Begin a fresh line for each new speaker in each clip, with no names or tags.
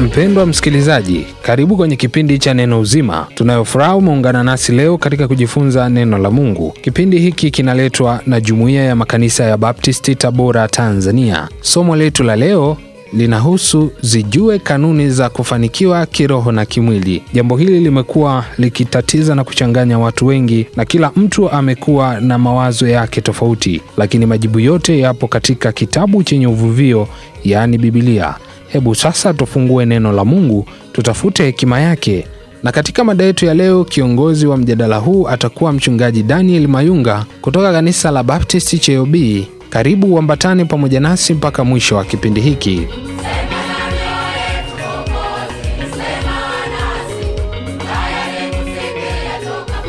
Mpendwa msikilizaji, karibu kwenye kipindi cha Neno Uzima. Tunayofuraha umeungana nasi leo katika kujifunza neno la Mungu. Kipindi hiki kinaletwa na Jumuiya ya Makanisa ya Baptisti, Tabora, Tanzania. Somo letu la leo linahusu zijue kanuni za kufanikiwa kiroho na kimwili. Jambo hili limekuwa likitatiza na kuchanganya watu wengi, na kila mtu amekuwa na mawazo yake tofauti, lakini majibu yote yapo katika kitabu chenye uvuvio, yaani Bibilia. Hebu sasa tufungue neno la Mungu, tutafute hekima yake. Na katika mada yetu ya leo, kiongozi wa mjadala huu atakuwa Mchungaji Daniel Mayunga kutoka kanisa la Baptisti CHOB. Karibu uambatane pamoja nasi mpaka mwisho wa kipindi hiki.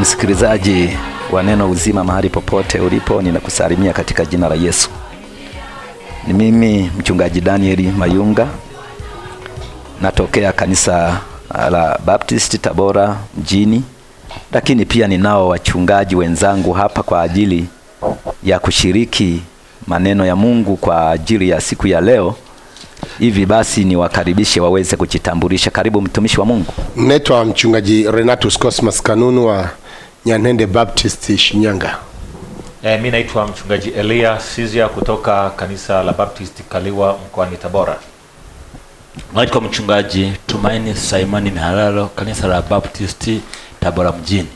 Msikilizaji wa Neno Uzima, mahali popote ulipo, ninakusalimia katika jina la Yesu. Ni mimi mchungaji Danieli Mayunga natokea kanisa uh, la Baptist Tabora mjini, lakini pia ninao wachungaji wenzangu hapa kwa ajili ya kushiriki maneno ya Mungu kwa ajili ya siku ya leo. Hivi basi niwakaribishe waweze kujitambulisha. Karibu mtumishi wa Mungu.
Naitwa mchungaji Renatus Cosmas Kanunu wa Nyanende Baptist Shinyanga.
E, eh, mimi naitwa mchungaji Elia Sizia kutoka kanisa la Baptist Kaliwa mkoani Tabora. Naitwa
mchungaji Tumaini Simoni Mihalalo, kanisa la Baptist Tabora mjini.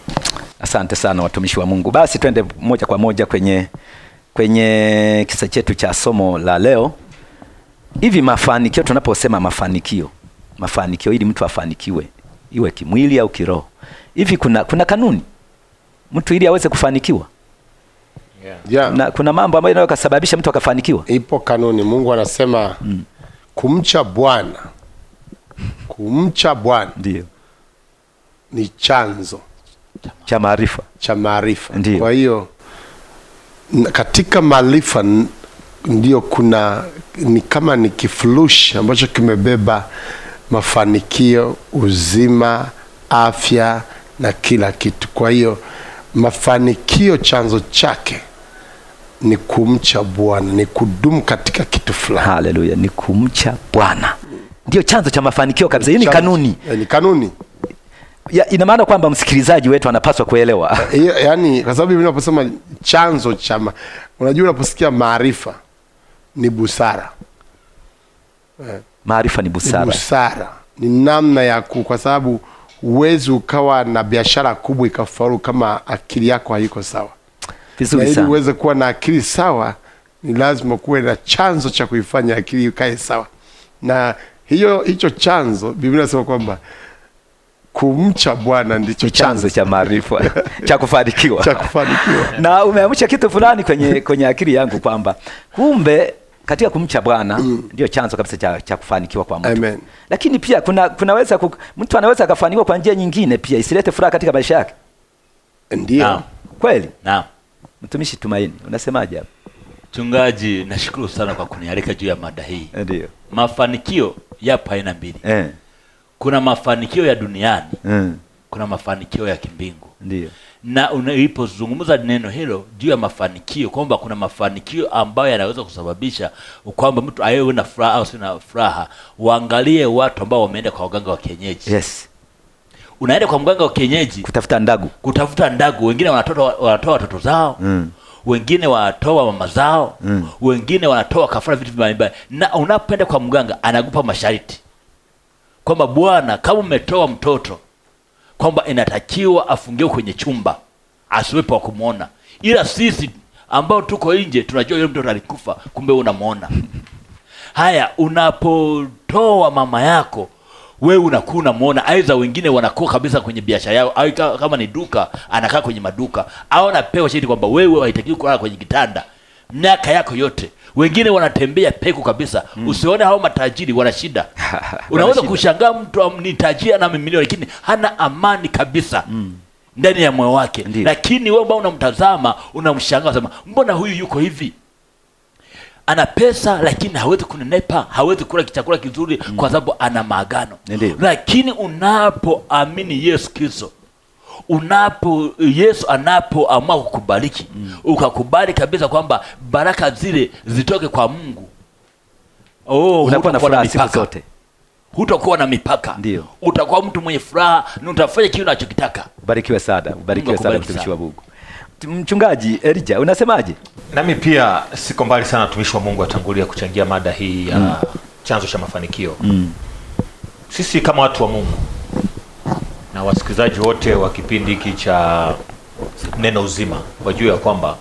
Asante sana watumishi wa Mungu. Basi twende
moja kwa moja kwenye kwenye kisa chetu cha somo la leo. Hivi mafanikio, tunaposema mafanikio, mafanikio ili mtu afanikiwe, iwe kimwili au kiroho, hivi kuna kuna kanuni mtu ili aweze kufanikiwa
yeah.
Yeah. Na, kuna mambo ambayo inaweza kasababisha mtu akafanikiwa. Ipo kanuni, Mungu anasema mm kumcha Bwana, kumcha Bwana ndio ni chanzo cha maarifa, cha maarifa. Kwa hiyo katika maarifa ndio kuna ni kama ni kifurushi ambacho kimebeba mafanikio, uzima, afya na kila kitu. Kwa hiyo mafanikio chanzo chake ni kumcha Bwana, ni kudumu katika kitu fulani. Haleluya, ni kumcha Bwana ndio chanzo cha mafanikio kabisa. Hii ni kanuni, eh, ni kanuni ya, ina maana kwamba msikilizaji wetu anapaswa kuelewa eh, ya, yani, kwa sababu mimi naposema chanzo cha, unajua unaposikia maarifa ni busara,
eh, maarifa ni busara, ni
busara ni namna ya ku, kwa sababu huwezi ukawa na biashara kubwa ikafaulu kama akili yako haiko sawa vizuri sana. Ili uweze kuwa na akili sawa, ni lazima kuwe na chanzo cha kuifanya akili ikae sawa, na hiyo hicho chanzo, Biblia inasema kwamba kumcha Bwana ndicho chanzo cha maarifa cha kufanikiwa cha kufanikiwa. Na
umeamsha kitu fulani kwenye, kwenye akili yangu kwamba kumbe katika kumcha Bwana mm. ndio chanzo kabisa cha, cha kufanikiwa kwa mtu. Amen. Lakini pia kuna kunaweza mtu anaweza akafanikiwa kwa njia nyingine pia isilete furaha katika maisha yake.
Ndio. Kweli? Naam. Mtumishi Tumaini, unasemaje hapo? Mchungaji, nashukuru sana kwa kunialika juu ya mada hii. Eh, ndio. Mafanikio yapo aina mbili. Eh. Kuna mafanikio ya duniani. Eh. Kuna mafanikio ya kimbingu. Ndio. Na unapozungumza neno hilo juu ya mafanikio kwamba kuna mafanikio ambayo yanaweza kusababisha kwamba mtu ayewe na furaha au sina furaha, waangalie watu ambao wameenda kwa waganga wa kienyeji. Yes unaenda kwa mganga wa kienyeji kutafuta ndagu, kutafuta ndagu. Wengine wanatoa wanatoa watoto zao mm. wengine wanatoa mama zao mm. wengine wanatoa kafara, vitu mbalimbali, na unapoenda kwa mganga anakupa masharti kwamba bwana, kama umetoa mtoto kwamba inatakiwa afungiwe kwenye chumba asiwepo wa kumwona, ila sisi ambao tuko nje tunajua yule mtoto alikufa, kumbe unamwona. Haya, unapotoa mama yako wewe unakuwa unamwona, aidha wengine wanakuwa kabisa kwenye biashara yao, au kama ni duka anakaa kwenye maduka, au anapewa shiti kwamba wewe haitakiwi kulala kwenye kitanda miaka yako yote. Wengine wanatembea peku kabisa mm. Usione hao matajiri wana shida unaweza kushangaa mtu ni tajiri ana milioni lakini hana amani kabisa mm ndani ya moyo wake. Lakini wewe ambao unamtazama unamshangaa, sema mbona huyu yuko hivi? ana pesa lakini hawezi kunenepa, hawezi kula kichakula kizuri mm. kwa sababu ana maagano. Lakini unapoamini Yesu Kristo, unapo Yesu anapoamua kukubariki mm. ukakubali kabisa kwamba baraka zile zitoke kwa Mungu, oh, unakuwa na furaha siku zote, hutakuwa na mipaka. utakuwa mtu mwenye furaha na utafanya kile unachokitaka.
Ubarikiwe sana, ubarikiwe sana mtumishi wa Mungu. Mchungaji Elija, unasemaje? Nami pia siko mbali sana, mtumishi wa Mungu atangulia kuchangia mada hii ya mm. chanzo cha mafanikio mm. Sisi kama watu wa Mungu na wasikilizaji wote wa kipindi hiki cha Neno Uzima wajue ya kwamba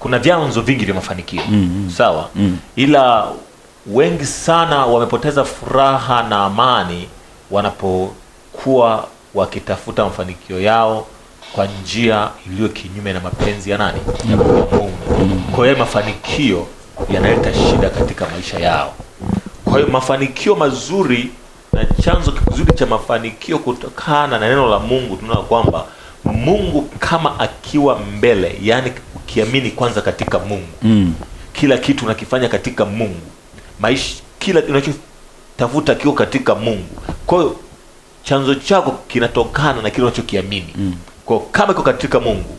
kuna vyanzo vingi vya mafanikio mm, -hmm. sawa mm. ila wengi sana wamepoteza furaha na amani wanapokuwa wakitafuta mafanikio yao kwa njia iliyo kinyume na mapenzi ya nani ya Mungu. Mm-hmm. Kwa hiyo mafanikio yanaleta shida katika maisha yao. Kwa hiyo mafanikio mazuri na chanzo kizuri cha mafanikio kutokana na neno la Mungu, tunaona kwamba Mungu kama akiwa mbele, yani ukiamini kwanza katika Mungu mm. kila kitu unakifanya katika Mungu, maisha kila unachotafuta kiko katika Mungu. Kwa hiyo chanzo chako kinatokana na kile unachokiamini mm. Kwa kama iko katika Mungu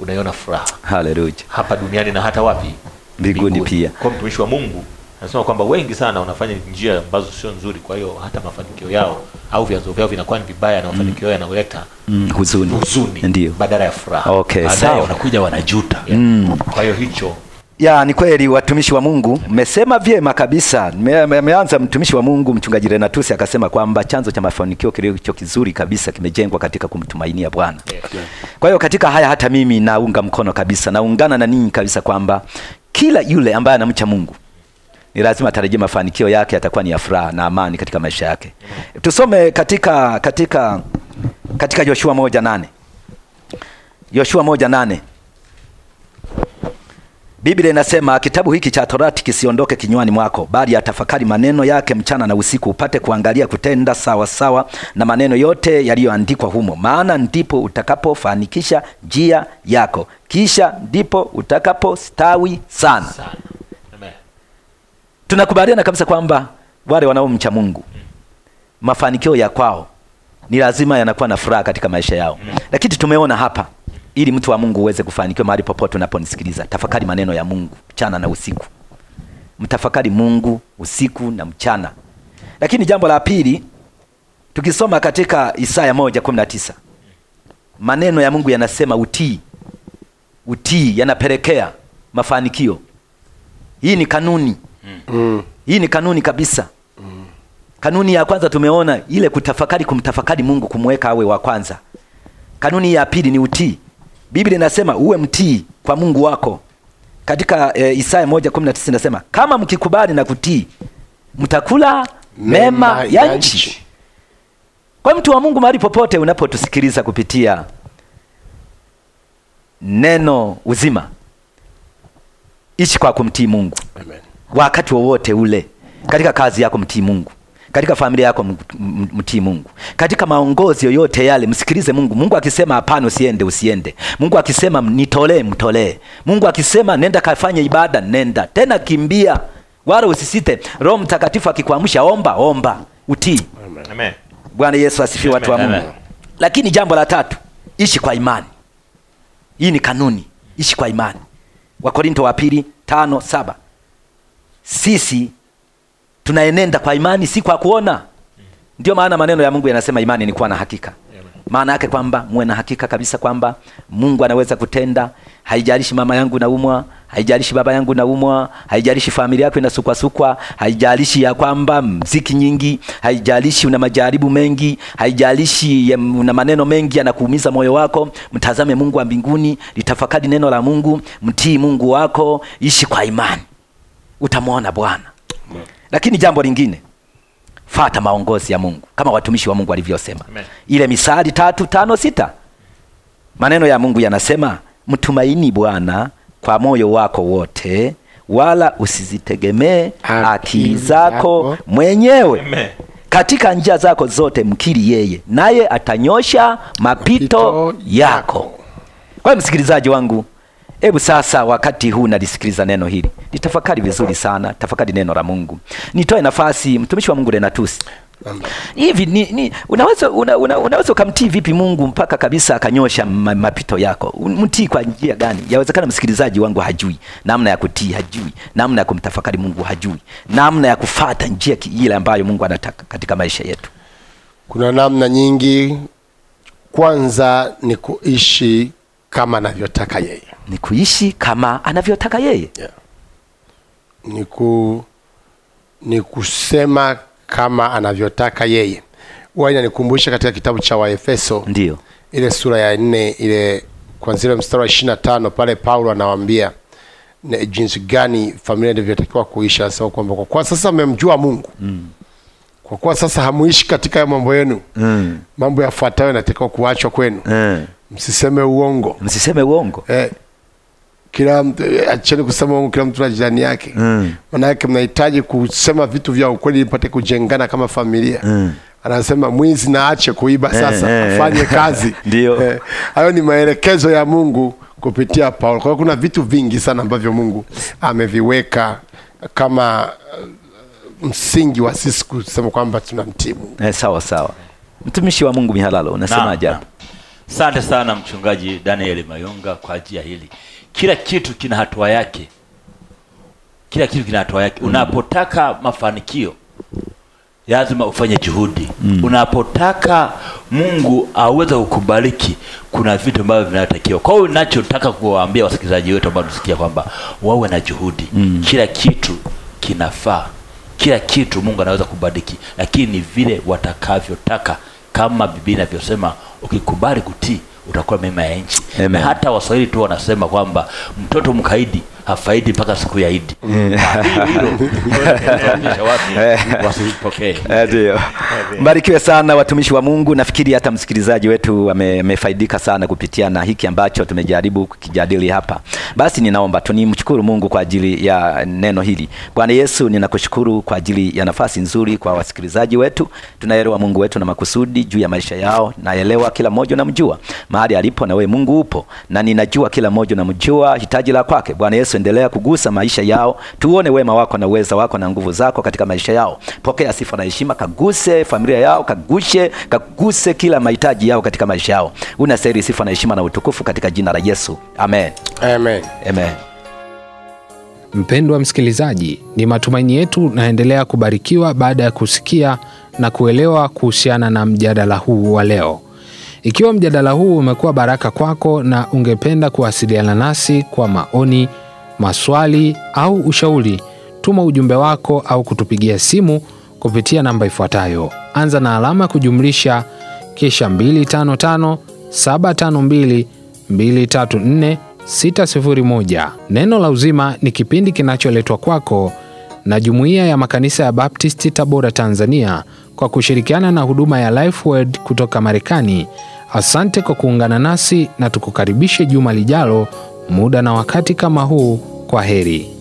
unaiona furaha haleluya, hapa duniani na hata wapi
mbinguni pia. Kwa
mtumishi wa Mungu anasema kwamba wengi sana wanafanya njia ambazo sio nzuri, kwa hiyo hata mafanikio yao au vyanzo vyao vinakuwa ni vibaya na mm. mafanikio yao yanaoleta
mm, huzuni, huzuni ndio
badala ya furaha. Okay, sawa, wanakuja wanajuta. Yeah. Mm. Kwa hiyo hicho
ya, ni kweli watumishi wa Mungu mmesema vyema kabisa. Nimeanza me, mtumishi wa Mungu mchungaji Renatus akasema kwamba chanzo cha mafanikio kilicho kizuri kabisa kimejengwa katika kumtumainia Bwana. Kwa hiyo katika haya hata mimi naunga mkono kabisa, naungana na ninyi kabisa kwamba kila yule ambaye anamcha Mungu ni lazima atarajie mafanikio yake atakuwa ni ya furaha na amani katika maisha yake. Tusome katika katika katika Yoshua moja nane. Yoshua moja nane. Biblia inasema kitabu hiki cha Torati kisiondoke kinywani mwako, bali yatafakari maneno yake mchana na usiku, upate kuangalia kutenda sawa sawa na maneno yote yaliyoandikwa humo, maana ndipo utakapofanikisha njia yako, kisha ndipo utakapostawi sana, sana. Tunakubaliana kabisa kwamba wale wanaomcha Mungu mafanikio ya kwao ni lazima yanakuwa na furaha katika maisha yao, lakini tumeona hapa ili mtu wa Mungu uweze kufanikiwa mahali popote unaponisikiliza, tafakari maneno ya Mungu mchana na usiku. Mtafakari Mungu usiku na mchana. Lakini jambo la pili, tukisoma katika Isaya moja kumi na tisa maneno ya Mungu yanasema utii, utii yanapelekea mafanikio. Hii ni kanuni mm. Hii ni kanuni kabisa mm. Kanuni ya kwanza tumeona ile kutafakari, kumtafakari Mungu, kumweka awe wa kwanza. Kanuni ya pili ni utii. Biblia inasema uwe mtii kwa Mungu wako katika e, Isaya tisa inasema kama mkikubali na kutii mtakula mema ya nchi. Kwa mtu wa Mungu, mahali popote unapotusikiliza kupitia neno uzima, ishi kwa kumtii Mungu. Amen. Wakati wowote ule katika kazi yako mtii Mungu katika familia yako mtii Mungu. Katika maongozi yoyote yale msikilize Mungu. Mungu akisema hapana, usiende, usiende. Mungu akisema nitolee, mtolee. Mungu akisema nenda kafanye ibada, nenda. Tena kimbia, wala usisite. Roho Mtakatifu akikuamsha, omba, omba, utii. Amen. Bwana Yesu asifiwe, watu wa Mungu. Lakini jambo la tatu, ishi kwa imani. Hii ni kanuni, ishi kwa imani. Wakorinto wa pili tano saba sisi tunaenenda kwa imani, si kwa kuona. Ndio maana maneno ya Mungu yanasema imani ni kuwa na hakika. Maana yake kwamba muwe na hakika kabisa kwamba Mungu anaweza kutenda. Haijalishi mama yangu naumwa, haijalishi baba yangu naumwa, haijalishi familia yako inasukwasukwa, haijalishi ya kwamba mziki nyingi, haijalishi una majaribu mengi, haijalishi una maneno mengi yanakuumiza moyo wako. Mtazame Mungu wa mbinguni, litafakari neno la Mungu, mtii Mungu wako, ishi kwa imani, utamwona Bwana. Lakini jambo lingine, fata maongozi ya Mungu kama watumishi wa Mungu walivyosema, ile Misali tatu tano sita maneno ya Mungu yanasema mtumaini Bwana kwa moyo wako wote, wala usizitegemee akili zako mwenyewe Amen. Katika njia zako zote mkiri yeye, naye atanyosha mapito, mapito yako. Kwa msikilizaji wangu Hebu sasa wakati huu nalisikiliza neno hili, nitafakari vizuri sana, tafakari neno la Mungu. Nitoe nafasi mtumishi wa Mungu Renatus. Hivi ni, ni, unaweza una, una, unaweza ukamtii vipi Mungu mpaka kabisa akanyosha mapito yako? Mtii kwa njia gani? Yawezekana msikilizaji wangu hajui namna ya kutii, hajui namna ya kumtafakari Mungu, hajui namna
ya kufata njia ile ambayo Mungu anataka katika maisha yetu. Kuna namna nyingi, kwanza ni kuishi kama anavyotaka yeye, ni kuishi kama anavyotaka yeye yeah. ni ku, ni kusema kama anavyotaka yeye. Huwa inanikumbusha katika kitabu cha Waefeso, ndio ile sura ya nne ile kuanzia mstari wa ishirini na tano pale Paulo anawaambia jinsi gani familia inavyotakiwa kuishi. Anasema kwamba kwa kuwa sasa mmemjua Mungu mm. kwa kuwa sasa hamuishi katika mambo yenu mm. mambo yafuatayo yanatakiwa kuachwa kwenu mm msiseme uongo, msiseme uongo eh, kila mtu eh, acheni kusema uongo, kila mtu na jirani yake mm. Manake mnahitaji kusema vitu vya ukweli ipate kujengana kama familia mm. Anasema mwizi na ache kuiba eh, sasa, eh, eh, afanye kazi ndio eh, hayo eh, ni maelekezo ya Mungu kupitia Paulo. Kwa hiyo kuna vitu vingi sana ambavyo Mungu ameviweka kama msingi wa sisi kusema kwamba tunamtii Mungu eh, sawa sawa. Mtumishi wa Mungu Mihalalo, unasemaje hapo?
Asante sana mchungaji Daniel Mayunga kwa ajili ya hili. Kila kitu kina hatua yake, kila kitu kina hatua yake. Mm. Unapotaka mafanikio lazima ufanye juhudi mm. Unapotaka Mungu aweze kukubariki kuna vitu ambavyo vinatakiwa. Kwa hiyo ninachotaka kuwaambia wasikilizaji wetu ambao tusikia kwamba wawe na juhudi mm. Kila kitu kinafaa, kila kitu Mungu anaweza kubariki, lakini ni vile watakavyotaka kama Biblia inavyosema, ukikubali kutii utakuwa mema ya nchi. Hata Waswahili tu wanasema kwamba mtoto mkaidi hafaidi mpaka siku ya Idi.
Eh. Eh. Eh, mbarikiwe sana watumishi wa Mungu. Nafikiri hata msikilizaji wetu amefaidika sana kupitia na hiki ambacho tumejaribu kukijadili hapa. Basi ninaomba tunimshukuru Mungu kwa ajili ya neno hili. Bwana Yesu, ninakushukuru kwa ajili ya nafasi nzuri kwa wasikilizaji wetu. Tunaelewa Mungu wetu na makusudi juu ya maisha yao. Naelewa kila mmoja namjua mahali alipo, na wewe Mungu upo, na ninajua kila mmoja namjua hitaji la kwake. Bwana Yesu Yesu, endelea kugusa maisha yao, tuone wema wako na uweza wako na nguvu zako katika maisha yao. Pokea sifa na heshima, kaguse familia yao, kagushe, kaguse kila mahitaji yao katika maisha yao. Unastahili sifa na heshima na utukufu katika jina la Yesu, amen.
Amen. Amen. Mpendwa msikilizaji, ni matumaini yetu naendelea kubarikiwa baada ya kusikia na kuelewa kuhusiana na mjadala huu wa leo. Ikiwa mjadala huu umekuwa baraka kwako na ungependa kuwasiliana nasi kwa maoni maswali au ushauri, tuma ujumbe wako au kutupigia simu kupitia namba ifuatayo: anza na alama kujumlisha kisha 255 Neno la Uzima ni kipindi kinacholetwa kwako na Jumuiya ya Makanisa ya Baptisti Tabora, Tanzania, kwa kushirikiana na huduma ya Lifeword kutoka Marekani. Asante kwa kuungana nasi na tukukaribishe juma lijalo muda na wakati kama huu. Kwa heri.